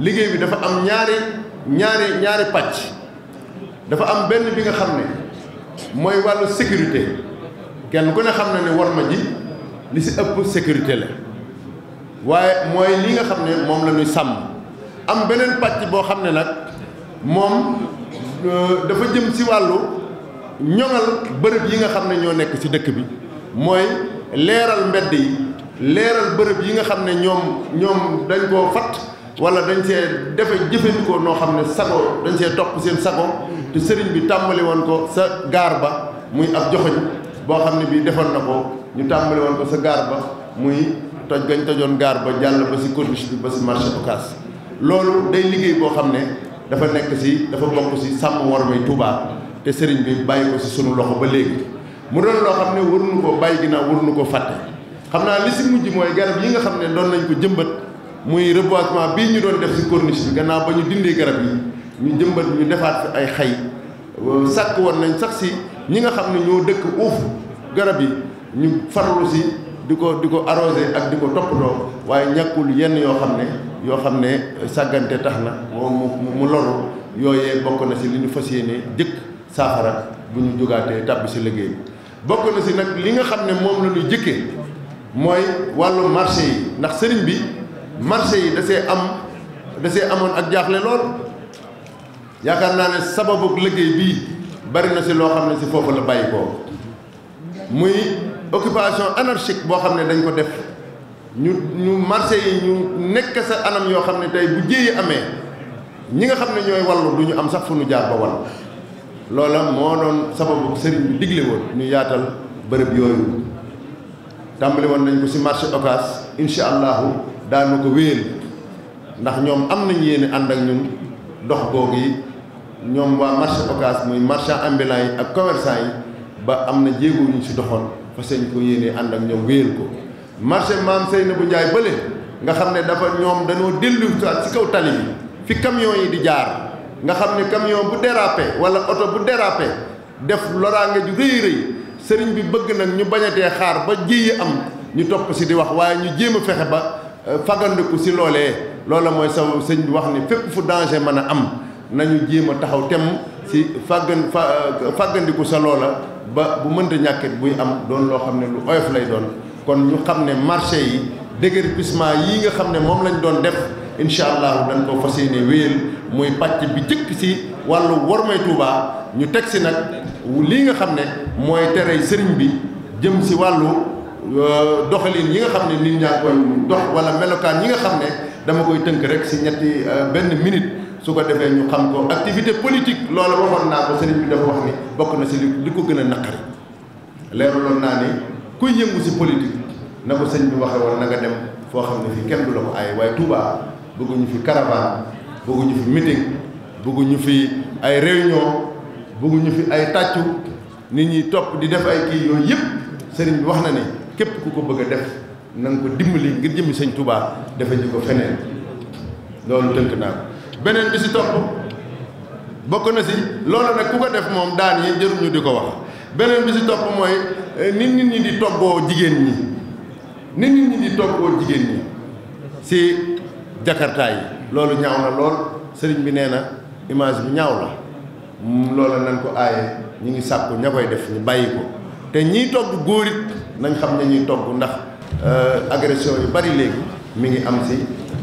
liggéey bi dafa am ñaari ñaari ñaari pàcc dafa am benn bi nga xam ne mooy wàllu sécurité kenn ku ne xam na ne war ma ji li si ëpp sécurité la waaye mooy li nga xam ne moom la ñuy sàmm am beneen pàcc boo xam ne nag moom euh, dafa jëm si wàllu ñoŋal bërëb yi nga xam ne ñoo nekk si dëkk bi mooy leeral mbedd yi leeral bërëb yi nga xam ne ñoom ñoom dañ koo fat wala dañ see defe jëfandikoo noo xam ne sago dañ see topp seen sago mm-hmm. te sëriñ bi tàmbali woon ko sa gaar ba muy ab joxoñ boo xam ne bii defoon na ko ñu tàmbali woon ko sa gaar ba muy toj gañ tojoon gaar ba jàll ba si corniche bi ba si marché Ocass loolu day liggéey boo xam ne dafa nekk si dafa bokk si sàmm war may Touba te sëriñ bi bàyyi ko si sunu loxo ba léegi mu doon loo xam ne waruñu ko bàyyi ginnaaw waruñu ko fàtte xam naa li si mujj mooy garab yi nga xam ne doon nañ ko jëmbat muy reboisement bii ñu doon def si corniche bi gannaaw ba ñu dindee garab yi ñu jëmbat ñu defaat fi ay xay euh, sàkk woon nañ sax si ñi nga xam ne ñoo dëkk uuf garab yi ñu farlu si di ko di ko arrosé ak di ko toppatoo waaye ñàkkul yenn yoo xam ne yoo xam ne sàggante tax na moom mu loru yooyee bokk na si li ñu fas yéene jëkk saafara bu ñu jógaatee tàbb si liggéey bi bokk na si nag li nga xam ne moom la ñu mooy wàllu marché yi ndax sëriñ bi marché yi da am da amoon ak jaaxle lool yaakaar naa ne sababu liggéey bii bari na si loo xam ne si foofu la bàyyi ko muy occupation anarchique boo xam ne dañ ko def ñu ñu marché yi ñu nekk sa anam yoo xam ne tey bu jéeyi amee ñi nga xam ne ñooy wàllu du ñu am sax fu nu jaar ba wàll loola moo doon sababu sëriñ bi digle woon ñu yaatal bërëb yooyu tàmbali woon nañ ko si marché Ocass incha allahu daanu ko wéyal ndax ñoom am nañ yéene ànd ak ñun dox googu yi ñoom waa marché occas muy marchand ambulant yi ak commerçant yi ba am na jéego ñu si doxoon fa seen ko yéene ànd ak ñoom wéyal ko marché maam Seynabou Ndiaye bële nga xam ne dafa ñoom dañoo delluwaat si kaw tali bi fi camion yi di jaar nga xam ne camion bu dérapé wala oto bu dérapé def loraange ju rëy rëy sëriñ bi bëgg nag ñu bañatee xaar ba jéyi am ñu topp si di wax waaye ñu jéem a fexe ba Euh, fagandiku si loolee loola mooy sa sëñ bi wax ni fépp fu danger mën a am nañu jéem a taxaw tem si faggan euh, faggandiku sa loola ba bu mënta ñàkkit buy am doon loo xam ne lu oyof lay doon kon ñu xam ne marché yi déguerpissement yi nga xam ne moom lañ doon def incha allah dañ ko fas yéene wéyal muy pàcc bi jëkk si wàllu wormay Touba ñu teg si nag li nga xam ne mooy tere sëriñ bi jëm si wàllu Euh, doxalin yi nga xam ne nit ñaa koy dox wala melokaan yi nga xam ne dama koy tënk rek si ñetti euh, benn minute su ko defee ñu xam ko activité politique loola waxoon naa ko sëriñ bi dafa wax ni bokk na si li ko gën a naqari leeraloon naa ne kuy yëngu si politique na ko sëñ bi waxe woon na dem foo xam ne fii kenn du la ko ay waaye Touba bëgguñu fi caravane bëgguñu fi meeting bëgguñu fi ay réunion bëgguñu fi ay tàccu nit ñi topp di def ay kii yooyu yëpp sëriñ bi wax na ne képp ku ko bëgg a def na ko dimbali ngir jëmmi sañ Touba defe ji ko feneen loolu tënk naa ko beneen bi si topp bokk na si loolu nag ku ko def moom daan yi jëruñu di ko wax beneen bi si topp mooy eh, nit nit ñi di toggoo jigéen ñi nit nit ñi di si jakartaay yi loolu ñaaw na lool sëriñ bi nee na image bi ñaaw la mm, loola nan ko aaye ñu ngi sàkku ña koy def ñu bàyyi ko te ñiy togg góorit nañ xam ne ñuy togg ndax euh, agression yu bari léegi mu ngi am si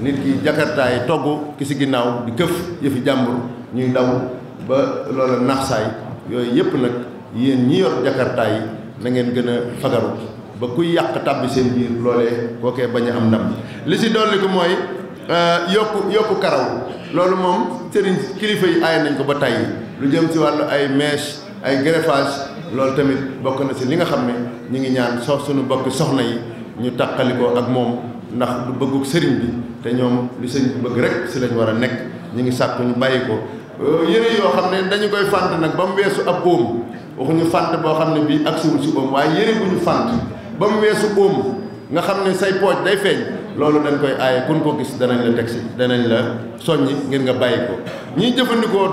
nit ki jakartaay togg ki si ginnaaw di këf fi jàmbur ñuy daw ba loola naax saay yooyu yëpp nag yéen ñi yor jakartaay yi na ngeen gën a fagaru ba kuy yàq tàbbi seen biir loolee kookee bañ a am ndam li si dolli ko mooy yokk euh, yokk karaw loolu moom sëriñ kilifa yi aay nañ ko ba tey lu jëm si wàllu ay mèche ay greffage loolu tamit bokk na si li nga xam ne ñu ngi ñaan so suñu bokki soxna yi ñu tàqalikoo ak moom ndax du bëgguk sëriñ bi te ñoom li sëriñ bi bëgg rek si lañ war a nekk ñu ngi sàkk ñu bàyyi ko euh, yére yoo xam ne dañu koy fànt nag ba mu weesu ab óom waxuñu fànt boo xam ne bii ak siwul si óom waaye yére bu ñu fànt ba mu weesu óom nga xam ne say pooj day feeñ loolu dañ koy aaye kun ko gis danañ la teg si danañ la soññi ngir nga bàyyi ko ñiy jëfandikoo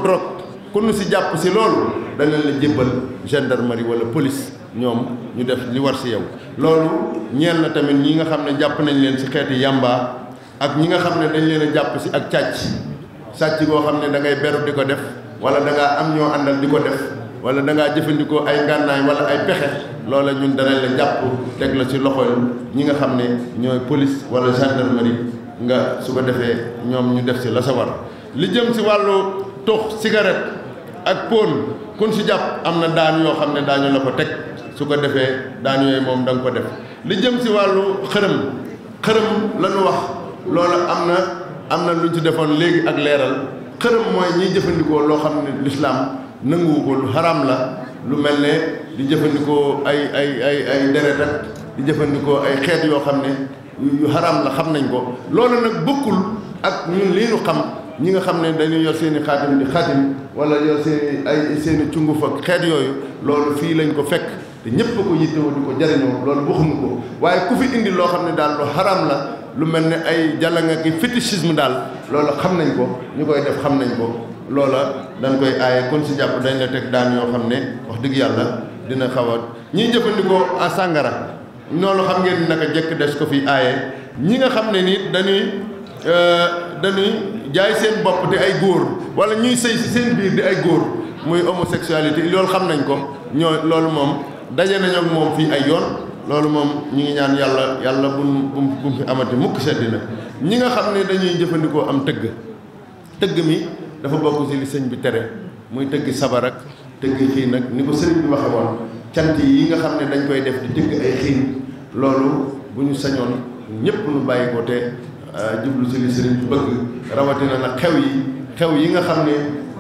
ku si jàpp si loolu danañ la jébbal gendarmerie wala police ñoom ñu def li war si yow loolu ñeel na tamit ñi nga xam ne jàpp nañ leen si xeeti yàmba ak ñi nga xam ne dañ leen a jàpp si ak càcc sàcc goo xam ne da ngay beru di ko def wala dangaa am ñoo àndal di ko def wala da ngaa jëfandikoo ay ngànnaay wala ay pexe loola ñun danañ la jàpp teg la si loxo ñi nga xam ne ñooy police wala gendarmerie nga su ko defee ñoom ñu def si la sa war ak pon kun si jàpp am na daan yoo xam ne daañu la ko teg su ko defee daan moom da nga ko def li jëm si wàllu xërëm xërëm la ñu wax loola am na am na lu ñu ci defoon léegi ak leeral xërëm mooy ñiy jëfandikoo loo xam ne lislaam nanguwu ko lu haram la lu mel ne di jëfandikoo ay ay ay ay deret di jëfandikoo ay xeet yoo xam ne yu haram la xam nañ ko loolu nag bokkul ak ñun lii ñu xam ñi nga xam ne dañuy yor seen i xaatim di xaatim wala yor seen i ay seen cunguf ak xeet yooyu loolu fii lañ ko fekk te ñëpp ko yittewoo di ko jariñoo loolu waxuñu ko waaye ku fi indi loo xam ne daal lu haram la lu mel ne ay jàllanga ki fétichisme daal loolu xam nañ ko ñu koy def xam nañ ko loola dañ koy aaye kon si jàpp dañ la teg daan yoo xam ne wax dëgg yàlla dina xaw a ñiy jëfandikoo à sàngara noonu xam ngeen naka jekk des ko fi aaye ñi nga xam ne ni dañuy euh, jaay seen bopp di ay góor wala ñuy sëy ci seen biir di ay góor muy homosexualité loolu xam nañ ko ñoo loolu moom daje nañ moom fii ay yoon loolu moom ñu ngi ñaan yàlla yàlla bu mu bu mu fi amati mukk seddi na ñi nga xam ne dañuy jëfandikoo am tëgg tëgg mi dafa bokk ci li sëñ bi tere muy tëgg sabar ak tëgg xiin nag ni ko sëriñ bi waxe woon yi nga xam ne dañ koy def di tëgg ay xiin loolu bu ñu sañoon ñëpp ñu bàyyi ko Euh, jublu si li sëriñ bi bëgg rawatina nag xew yi xew yi nga xam ne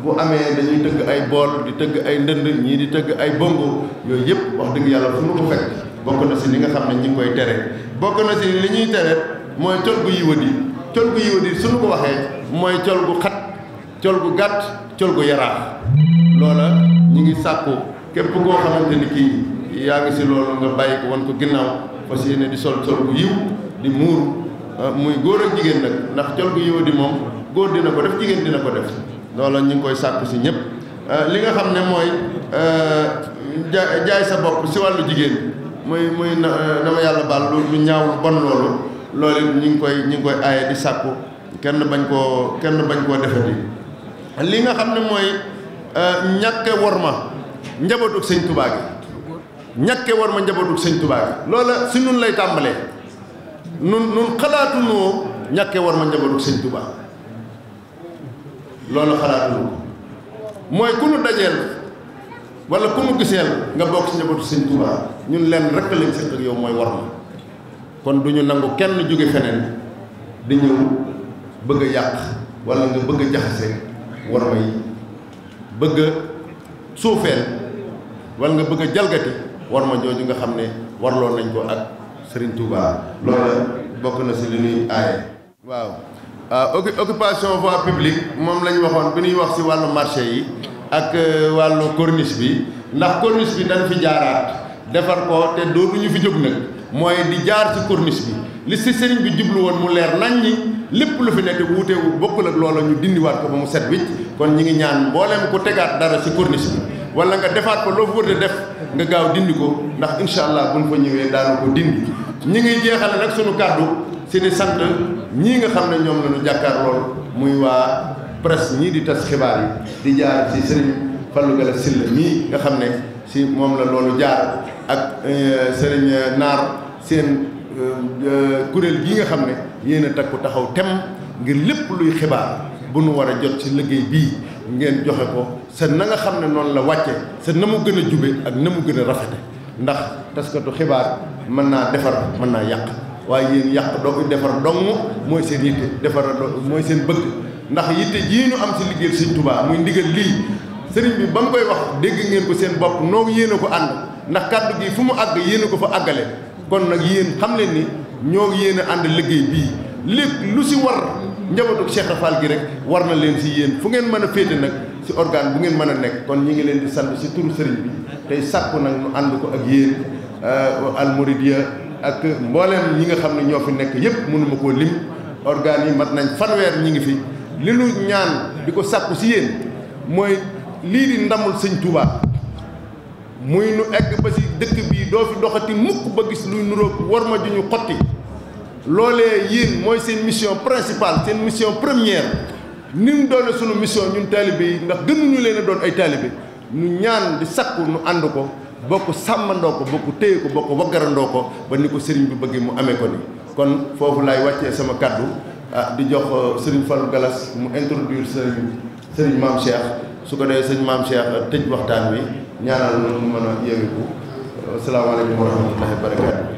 bu amee dañuy tëgg ay bool di tëgg ay ndënd ñii di tëgg ay bongo yooyu yëpp wax dëgg yàlla fu nu ko fekk bokk na si li nga xam ne ñu ngi koy tere bokk na si li ñuy tere mooy col gu yiwat yi col gu di yi suñu ko waxee mooy col gu xat col gu gàtt col gu yaraax loola ñu ngi sàkku képp koo xamante ni kii yaa ngi si loolu nga bàyyi ko wan ko ginnaaw fas yéene di sol sol bu yiw di muur Ah, muy góor ak jigéen nag ndax col gu yóo di moom góor dina ko def jigéen dina ko def loola ñu ngi koy sàkku si ñëpp ah, li nga xam ne mooy ah, jaay sa bopp si wàllu jigéen muy muy na yàlla baal lu ñaaw lu bon loolu ñu ngi koy ñu ngi koy aaye di sàkku kenn bañ koo kenn bañ koo defati li nga xam ne mooy ñàkke war ma njabootug sëñ Tuubaa gi ñàkke war ma njabootug sëñ Tuubaa gi loola si nun lay tàmbalee nun nun xalaatunoo ñàkke war ma njabootug sëñ Tuubaa loolu xalaatunoo ko mooy ku nu dajeel wala ku nu giseel nga bokk si njabootu sëñ Tuubaa ñun lenn rek lañ seq ak yow mooy war ma kon du ñu nangu kenn jóge feneen di ñëw bëgg yàq wala nga bëgg a jaxase war ma yi bëgg a suufeel wala nga bëgg a jalgati war ma jooju nga xam ne warloo nañ koo ak Serigne Touba loola bokk na si li ñuy aaye. waaw ah, occupation voie publique moom la ñu waxoon bi ñuy wax si wàllu marché yi ak euh, wàllu corniche bi ndax corniche bi dañ fi jaaraat defar ko te ñu fi jóg nag mooy di jaar ci corniche bi li si sëriñ bi jublu woon mu leer nañ ñi lépp lu fi nekk wuutee wu bokkul ak loola ñu dindiwaat ko ba mu set wicc kon ñi ngi ñaan mboolem ku tegaat dara si corniche bi. wala nga defaat ko loo fa wër def nga gaaw dindi ko ndax incha allah buñ fa ñëwee daanu ko dindi ñi ngi jeexal nag suñu kàddu si di sant ñii nga xam ne ñoom la ñu jàkkaar lool muy waa presse ñii di tas xibaar yi di jaar si sëriñ Fallou Gala Sylla nga xam ne si moom la loolu jaar ak euh, sëriñ Naar seen euh, euh, kuréel gii nga xam ne yéen a takku taxaw tem ngir lépp luy xibaar bu nu war a jot ci liggéey bii ngeen joxe ko sa na nga xam ne noonu la wàcce sa na mu gën a jube ak na mu gën a rafete ndax taskatu xibaar mën naa defar mën naa yàq waaye yéen yàq doo defar dong mooy seen yitte defar mooy seen bëgg ndax yitte jii ñu am si liggéeyal Sëriñ Tuubaa muy ndigal lii sëriñ bi ba mu koy wax dégg ngeen ko seen bopp noo yéen ko ànd ndax kàddu gi fu mu àgg yéen a ko fa àggale kon nag yéen xam leen ni ñoo yéen a ànd liggéey bii lépp lu si war njabootu Cheikh Rafal gi rek war na leen si yéen fu ngeen mën a féete nag si organe bu ngeen mën a nekk kon ñi ngi leen di sant si turu sëriñ bi tey sàkku nag ñu ànd ko ak yéen euh, almouridia ak mbooleem ñi nga xam ne ñoo fi nekk yëpp mënuma koo lim organes yi mat nañ fanweer ñi ngi fi li lu ñaan di ko sàkku si yéen mooy lii di ndamul sëñ Touba muy nu egg ba si dëkk bii doo fi doxati mukk ba gis luy nuroog war ma ju ñu xotti loolee yéen mooy seen mission principale seen mission première ni mu doone sunu mission ñun taalibe yi ndax ñu leen a doon ay taalibe ñu ñaan di sakku ñu ànd ko bokk sàmmandoo ko bokk téye ko bokk waggarandoo ko ba ni ko sëriñ bu bëggee mu amee ko ni kon foofu laay wàccee sama kàddu ah di jox euh, sëriñ Fallou Galas mu introduire sëriñ sëriñ maam Cheikh su ko dee sëriñ maam Cheikh tëj waxtaan wi ñaanal na mu mën a yeewiku asalaamaaleykum wa rahmatullahi wa barakatu